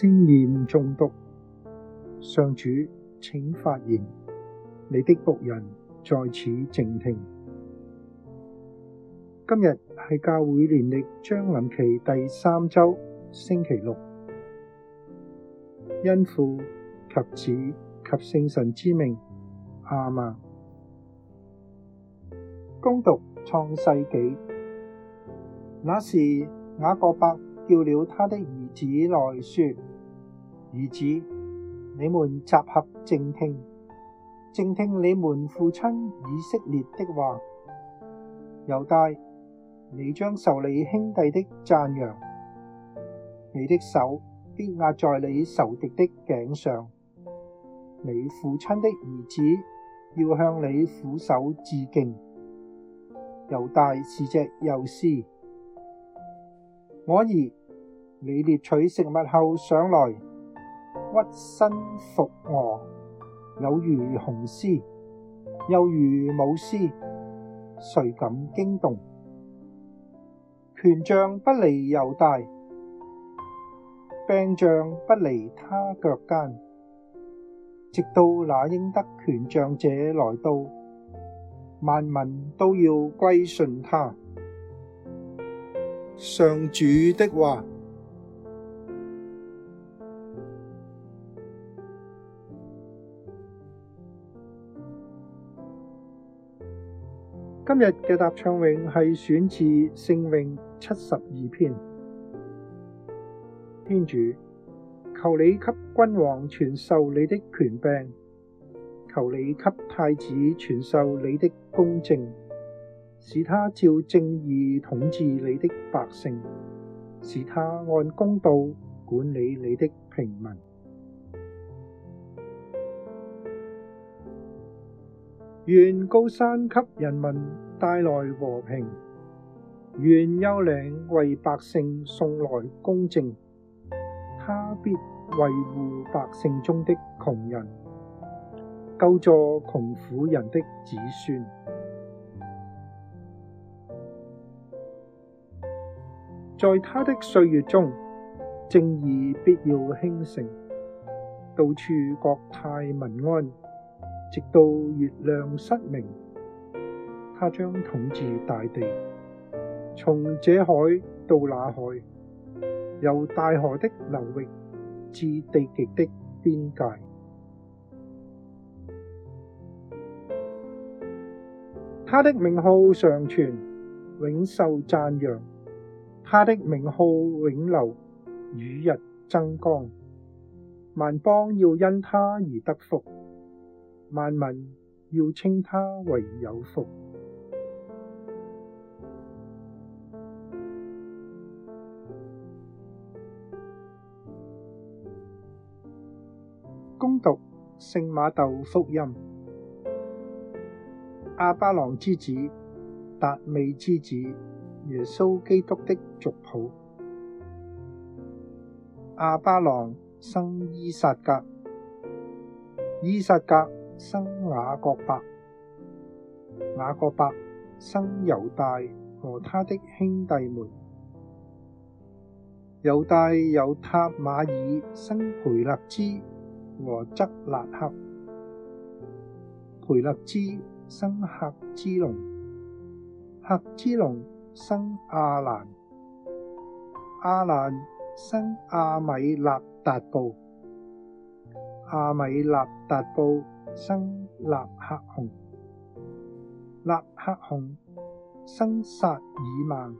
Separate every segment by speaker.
Speaker 1: 聖言誦讀，上主，請發言，你的僕人在此靜聽。今日係教會年曆將臨期第三周星期六，因父及子及聖神之名，阿瑪。恭讀創世紀，那時雅各伯叫了他的兒子來說。兒子，你們集合靜聽，靜聽你們父親以色列的話。猶大，你將受你兄弟的讚揚，你的手必壓在你仇敵的頸上。你父親的兒子要向你俯首致敬。猶大是隻幼獅，我兒，你獵取食物後上來。屈身伏臥，有如雄獅，又如母獅，誰敢驚動？權杖不離猶大，柄杖不離他腳間，直到那應得權杖者來到，萬民都要歸順他。上主的話。今日嘅答唱詠係選自聖詠七十二篇，天主，求你給君王傳授你的權柄，求你給太子傳授你的公正，使他照正義統治你的百姓，使他按公道管理你的平民。願高山給人民帶來和平，願丘嶺為百姓送來公正。他必維護百姓中的窮人，救助窮苦人的子孫。在他的歲月中，正義必要興盛，到處國泰民安。直到月亮失明，他將統治大地，從這海到那海，由大河的流域至地極的邊界。他的名號常存，永受讚揚。他的名號永留，與日爭光。萬邦要因他而得福。萬民要稱他為有福。恭讀聖馬竇福音，亞巴郎之子達味之子耶穌基督的族譜。亞巴郎生依撒格，依撒格。生雅各伯，雅各伯生猶大和他的兄弟們，猶大有塔馬爾生培勒茲和則勒克，培勒茲生赫之龍，赫之龍生阿蘭，阿蘭生阿米納達布，阿米納達布。生納赫雄，納赫雄生撒耳孟，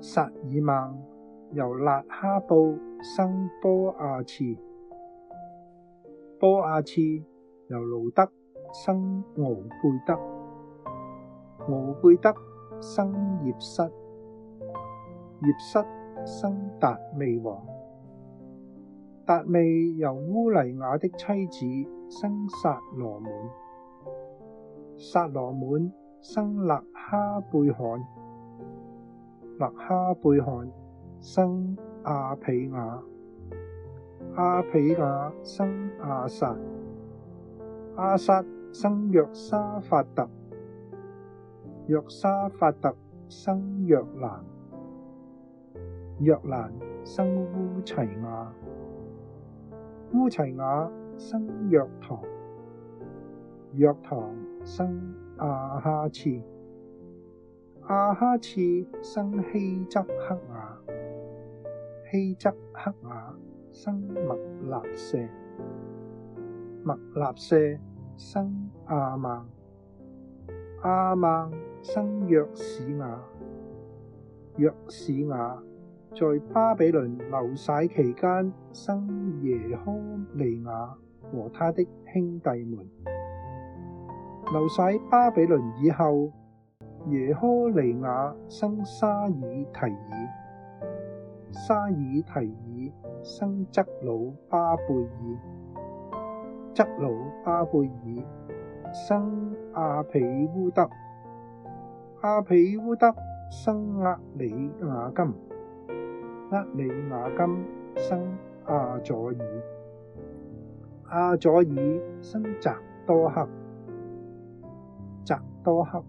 Speaker 1: 撒耳孟由辣哈布生波阿次，波阿次由盧德生敖貝得，敖貝得生葉瑟，葉瑟生達味王，達味由烏黎雅的妻子。生撒羅滿，撒羅滿生勒哈貝罕，勒哈貝罕生阿彼雅，阿彼雅生阿撒，阿撒生，生約沙法特，約沙法特生約蘭，約蘭生烏齊雅，烏齊雅。生約堂，約堂生阿哈次，阿哈次生希則克雅，希則克雅生默納舍，默納舍生阿孟，阿孟生約史雅，約史雅在巴比倫流徙期間生耶苛尼雅。和他的兄弟們，流徙巴比倫以後，耶苛尼雅生沙耳提耳，沙耳提耳生則魯巴貝耳，則魯巴貝耳生阿彼烏得，阿彼烏得生厄里雅金，厄里雅金生阿左爾。阿左爾生匝多克，匝多克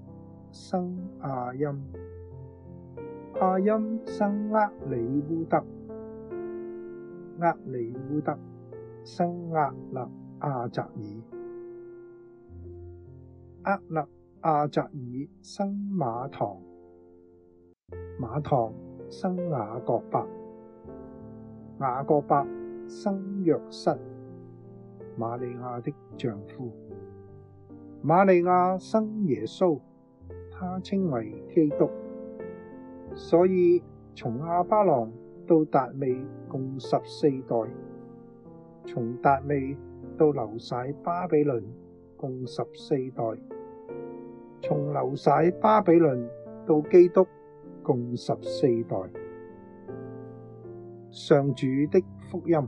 Speaker 1: 生阿歆，阿歆生厄里烏得，厄里烏得生厄肋阿匝爾，厄肋阿匝爾生瑪堂，瑪堂生雅各伯，雅各伯生若瑟。瑪利亞的丈夫，瑪利亞生耶穌，他稱為基督。所以從亞巴郎到達味共十四代，從達味到流徙巴比倫共十四代，從流徙巴比倫到基督共十四代。上主的福音。